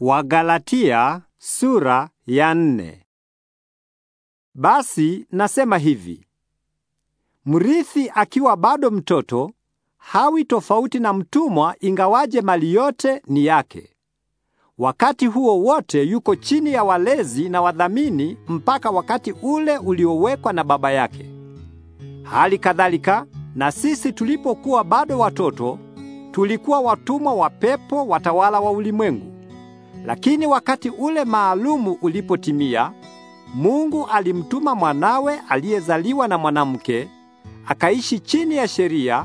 Wagalatia sura ya nne. Basi nasema hivi, mrithi akiwa bado mtoto hawi tofauti na mtumwa, ingawaje mali yote ni yake. Wakati huo wote yuko chini ya walezi na wadhamini mpaka wakati ule uliowekwa na baba yake. Hali kadhalika na sisi tulipokuwa bado watoto tulikuwa watumwa wa pepo watawala wa ulimwengu. Lakini wakati ule maalumu ulipotimia, Mungu alimtuma mwanawe aliyezaliwa na mwanamke akaishi chini ya sheria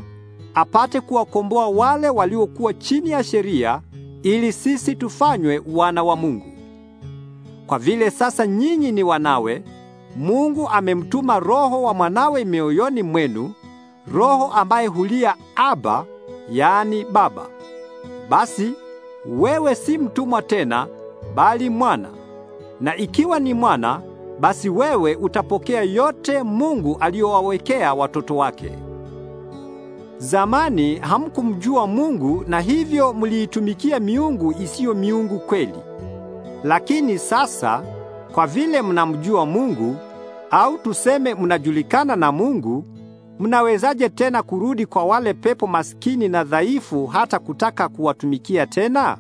apate kuwakomboa wale waliokuwa chini ya sheria ili sisi tufanywe wana wa Mungu. Kwa vile sasa nyinyi ni wanawe, Mungu amemtuma roho wa mwanawe mioyoni mwenu, roho ambaye hulia Aba, yaani Baba. Basi wewe si mtumwa tena, bali mwana. Na ikiwa ni mwana, basi wewe utapokea yote Mungu aliyowawekea watoto wake. Zamani hamkumjua Mungu na hivyo mliitumikia miungu isiyo miungu kweli. Lakini sasa kwa vile mnamjua Mungu au tuseme mnajulikana na Mungu, mnawezaje tena kurudi kwa wale pepo maskini na dhaifu hata kutaka kuwatumikia tena?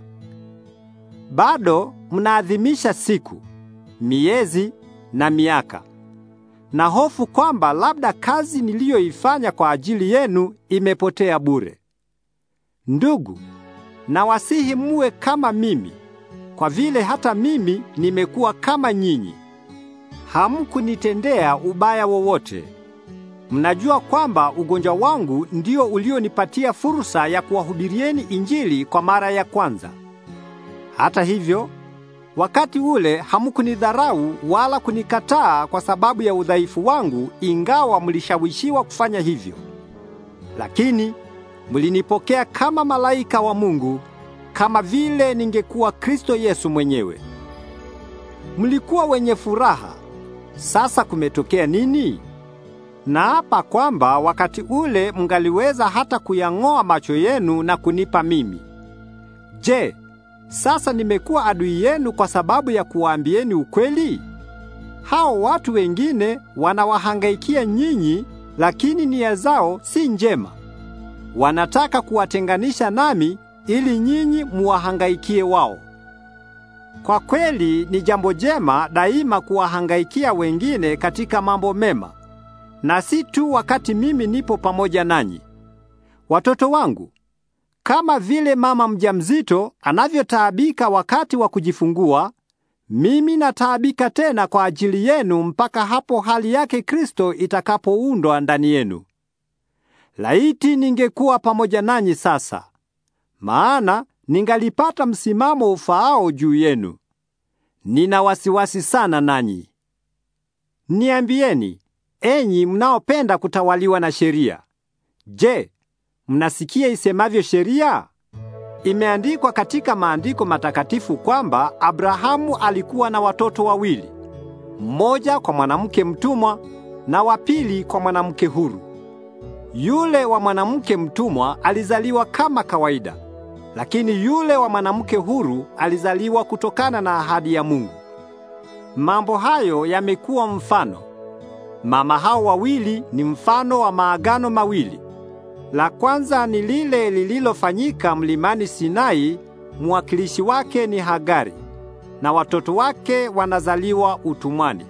Bado mnaadhimisha siku, miezi na miaka, na hofu kwamba labda kazi niliyoifanya kwa ajili yenu imepotea bure. Ndugu, nawasihi muwe kama mimi, kwa vile hata mimi nimekuwa kama nyinyi. Hamkunitendea ubaya wowote. Mnajua kwamba ugonjwa wangu ndio ulionipatia fursa ya kuwahubirieni Injili kwa mara ya kwanza. Hata hivyo, wakati ule hamkunidharau wala kunikataa kwa sababu ya udhaifu wangu, ingawa mlishawishiwa kufanya hivyo. Lakini mlinipokea kama malaika wa Mungu, kama vile ningekuwa Kristo Yesu mwenyewe. Mlikuwa wenye furaha. Sasa kumetokea nini? Naapa kwamba wakati ule mngaliweza hata kuyang'oa macho yenu na kunipa mimi. Je, sasa nimekuwa adui yenu kwa sababu ya kuwaambieni ukweli? Hao watu wengine wanawahangaikia nyinyi, lakini nia zao si njema. Wanataka kuwatenganisha nami ili nyinyi muwahangaikie wao. Kwa kweli ni jambo jema daima kuwahangaikia wengine katika mambo mema na si tu wakati mimi nipo pamoja nanyi. Watoto wangu, kama vile mama mjamzito anavyotaabika wakati wa kujifungua, mimi nataabika tena kwa ajili yenu mpaka hapo hali yake Kristo itakapoundwa ndani yenu. Laiti ningekuwa pamoja nanyi sasa, maana ningalipata msimamo ufaao juu yenu. Nina wasiwasi sana nanyi. Niambieni, Enyi mnaopenda kutawaliwa na sheria, je, mnasikia isemavyo sheria? Imeandikwa katika maandiko matakatifu kwamba Abrahamu alikuwa na watoto wawili, mmoja kwa mwanamke mtumwa na wa pili kwa mwanamke huru. Yule wa mwanamke mtumwa alizaliwa kama kawaida, lakini yule wa mwanamke huru alizaliwa kutokana na ahadi ya Mungu. Mambo hayo yamekuwa mfano Mama hao wawili ni mfano wa maagano mawili. La kwanza ni lile lililofanyika mlimani Sinai, mwakilishi wake ni Hagari na watoto wake wanazaliwa utumwani.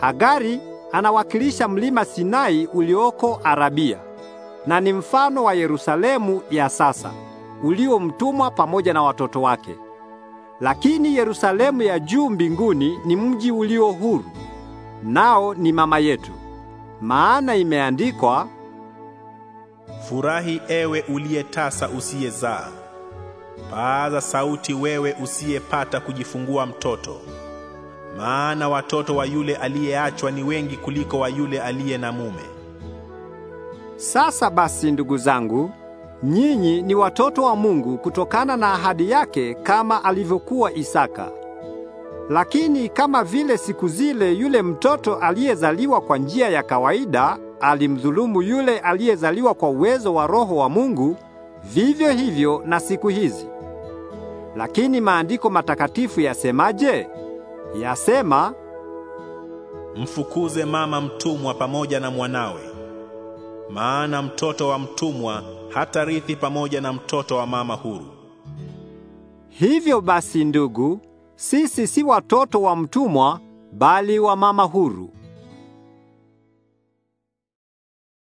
Hagari anawakilisha mlima Sinai ulioko Arabia na ni mfano wa Yerusalemu ya sasa uliomtumwa pamoja na watoto wake. Lakini Yerusalemu ya juu mbinguni ni mji ulio huru nao ni mama yetu. Maana imeandikwa, furahi ewe uliyetasa usiyezaa, paaza sauti wewe usiyepata kujifungua mtoto, maana watoto wa yule aliyeachwa ni wengi kuliko wa yule aliye na mume. Sasa basi, ndugu zangu, nyinyi ni watoto wa Mungu kutokana na ahadi yake, kama alivyokuwa Isaka. Lakini kama vile siku zile yule mtoto aliyezaliwa kwa njia ya kawaida alimdhulumu yule aliyezaliwa kwa uwezo wa Roho wa Mungu, vivyo hivyo na siku hizi. Lakini maandiko matakatifu yasemaje? Yasema, mfukuze mama mtumwa pamoja na mwanawe, maana mtoto wa mtumwa hatarithi pamoja na mtoto wa mama huru. Hivyo basi, ndugu sisi si watoto wa mtumwa, bali wa mama huru.